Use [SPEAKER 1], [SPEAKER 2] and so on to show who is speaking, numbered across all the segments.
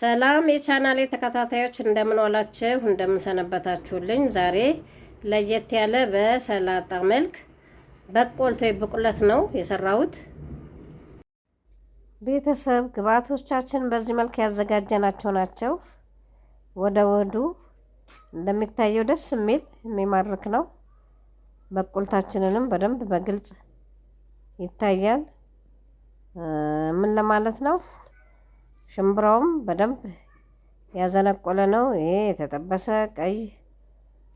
[SPEAKER 1] ሰላም የቻናሌ ተከታታዮች እንደምን ዋላችሁ፣ እንደምን ሰነበታችሁልኝ። ዛሬ ለየት ያለ በሰላጣ መልክ በቆልቶ ብቁለት ነው የሰራሁት። ቤተሰብ ግብአቶቻችን በዚህ መልክ ያዘጋጀናቸው ናቸው። ወደ ወዱ እንደሚታየው ደስ የሚል የሚማርክ ነው። በቆልታችንንም በደንብ በግልጽ ይታያል። ምን ለማለት ነው ሽምብራውም በደንብ ያዘነቆለ ነው። ይሄ የተጠበሰ ቀይ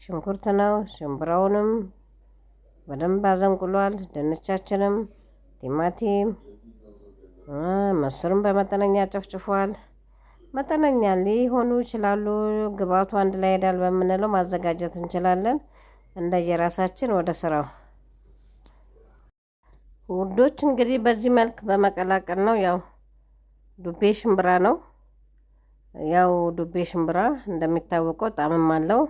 [SPEAKER 1] ሽንኩርት ነው። ሽምብራውንም በደንብ አዘንቁሏል። ድንቻችንም፣ ቲማቲም፣ ምስርም በመጠነኛ ጨፍጭፏል። መጠነኛ ሊሆኑ ይችላሉ። ግብአቱ አንድ ላይ ሄዳል በምንለው ማዘጋጀት እንችላለን። እንደየራሳችን ወደ ስራው ውዶች። እንግዲህ በዚህ መልክ በመቀላቀል ነው ያው ዱቤ ሽምብራ ነው። ያው ዱቤ ሽምብራ እንደሚታወቀው ጣዕምም አለው።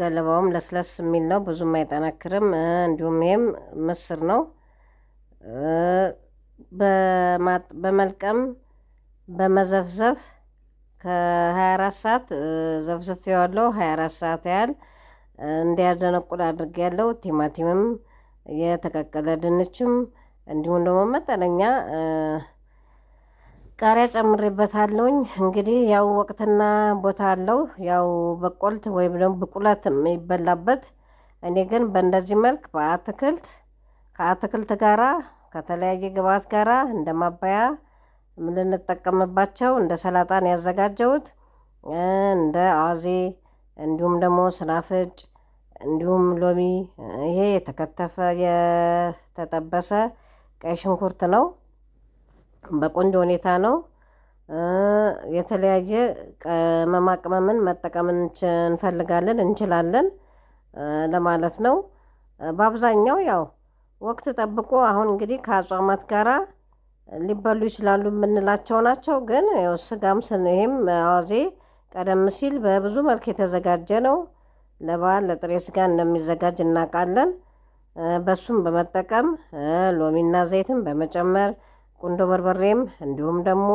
[SPEAKER 1] ገለባውም ለስለስ የሚል ነው፣ ብዙም አይጠናክርም። እንዲሁም ይህም ምስር ነው። በመልቀም በመዘፍዘፍ ከ24 ሰዓት ዘፍዝፌዋለሁ። 24 ሰዓት ያህል እንዲያደነቁል ያለው ቲማቲምም የተቀቀለ ድንችም እንዲሁም ደግሞ መጠነኛ ቃሪያ ጨምሬበታለሁኝ። እንግዲህ ያው ወቅትና ቦታ አለው። ያው በቆልት ወይም ደግሞ ብቁላት የሚበላበት እኔ ግን በእንደዚህ መልክ በአትክልት ከአትክልት ጋራ ከተለያየ ግብዓት ጋራ እንደ ማባያ የምንጠቀምባቸው እንደ ሰላጣን ያዘጋጀሁት እንደ አዋዜ እንዲሁም ደግሞ ስናፍጭ እንዲሁም ሎሚ፣ ይሄ የተከተፈ የተጠበሰ ቀይ ሽንኩርት ነው። በቆንጆ ሁኔታ ነው። የተለያየ ቅመማ ቅመምን መጠቀም እንፈልጋለን እንችላለን ለማለት ነው። በአብዛኛው ያው ወቅት ጠብቆ አሁን እንግዲህ ከአጽዋማት ጋራ ሊበሉ ይችላሉ የምንላቸው ናቸው። ግን ያው ስጋም ስንሄም አዋዜ ቀደም ሲል በብዙ መልክ የተዘጋጀ ነው። ለበዓል ለጥሬ ስጋ እንደሚዘጋጅ እናውቃለን። በሱም በመጠቀም ሎሚና ዘይትን በመጨመር ቁንዶ በርበሬም እንዲሁም ደግሞ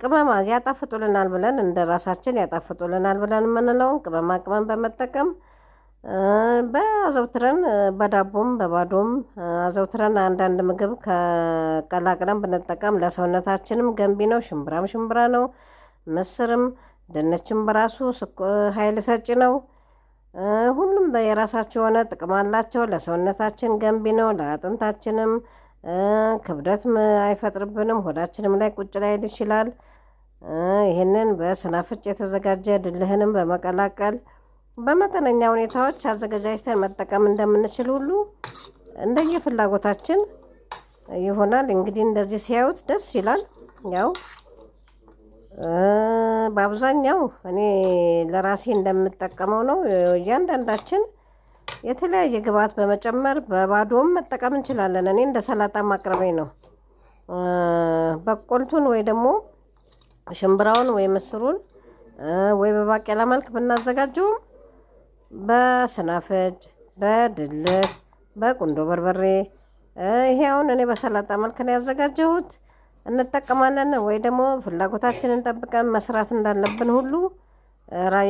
[SPEAKER 1] ቅመማ ያጣፍጡልናል ብለን እንደ ራሳችን ያጣፍጡልናል ብለን የምንለውን ቅመማ ቅመም በመጠቀም በአዘውትረን በዳቦም በባዶም አዘውትረን አንዳንድ ምግብ ከቀላቅለን ብንጠቀም ለሰውነታችንም ገንቢ ነው። ሽምብራም ሽምብራ ነው። ምስርም ድንችም በራሱ ኃይል ሰጪ ነው። ሁሉም የራሳቸው የሆነ ጥቅም አላቸው። ለሰውነታችን ገንቢ ነው። ለአጥንታችንም ክብደት አይፈጥርብንም። ሆዳችንም ላይ ቁጭ ላይል ይችላል። ይህንን በስናፍጭ የተዘጋጀ ድልህንም በመቀላቀል በመጠነኛ ሁኔታዎች አዘገጃጅተን መጠቀም እንደምንችል ሁሉ እንደየ ፍላጎታችን ይሆናል። እንግዲህ እንደዚህ ሲያዩት ደስ ይላል። ያው በአብዛኛው እኔ ለራሴ እንደምጠቀመው ነው። እያንዳንዳችን የተለያየ ግብአት በመጨመር በባዶም መጠቀም እንችላለን። እኔ እንደ ሰላጣ ማቅረቤ ነው። በቆልቱን ወይ ደግሞ ሽምብራውን ወይ ምስሩን ወይ በባቄላ መልክ ብናዘጋጀውም በስናፍጭ፣ በድልህ፣ በቁንዶ በርበሬ ይሄ አሁን እኔ በሰላጣ መልክ ነው ያዘጋጀሁት እንጠቀማለን። ወይ ደግሞ ፍላጎታችንን ጠብቀን መስራት እንዳለብን ሁሉ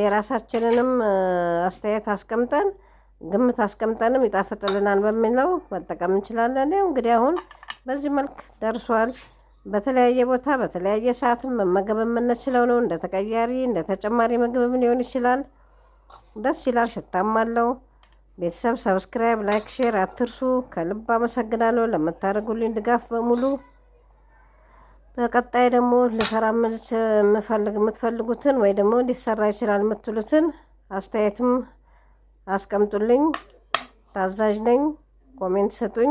[SPEAKER 1] የራሳችንንም አስተያየት አስቀምጠን ግምት አስቀምጠንም ይጣፍጥልናል በሚለው መጠቀም እንችላለን። ያው እንግዲህ አሁን በዚህ መልክ ደርሷል። በተለያየ ቦታ በተለያየ ሰዓትም መመገብ የምንችለው ነው። እንደ ተቀያሪ እንደ ተጨማሪ ምግብም ሊሆን ይችላል። ደስ ይላል፣ ሽታም አለው። ቤተሰብ ሰብስክራይብ፣ ላይክ፣ ሼር አትርሱ። ከልብ አመሰግናለሁ ለምታደርጉልኝ ድጋፍ በሙሉ። በቀጣይ ደግሞ ልሰራ የምትፈልጉትን ወይ ደግሞ ሊሰራ ይችላል የምትሉትን አስተያየትም አስቀምጡልኝ። ታዛዥ ነኝ። ኮሜንት ስጡኝ።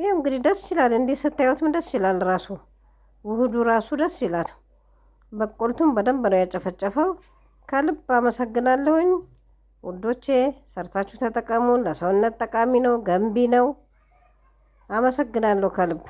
[SPEAKER 1] ይህ እንግዲህ ደስ ይላል። እንዲህ ስታዩትም ደስ ይላል። ራሱ ውህዱ ራሱ ደስ ይላል። በቆልቱም በደንብ ነው ያጨፈጨፈው። ከልብ አመሰግናለሁኝ ውዶቼ። ሰርታችሁ ተጠቀሙ። ለሰውነት ጠቃሚ ነው፣ ገንቢ ነው። አመሰግናለሁ ከልብ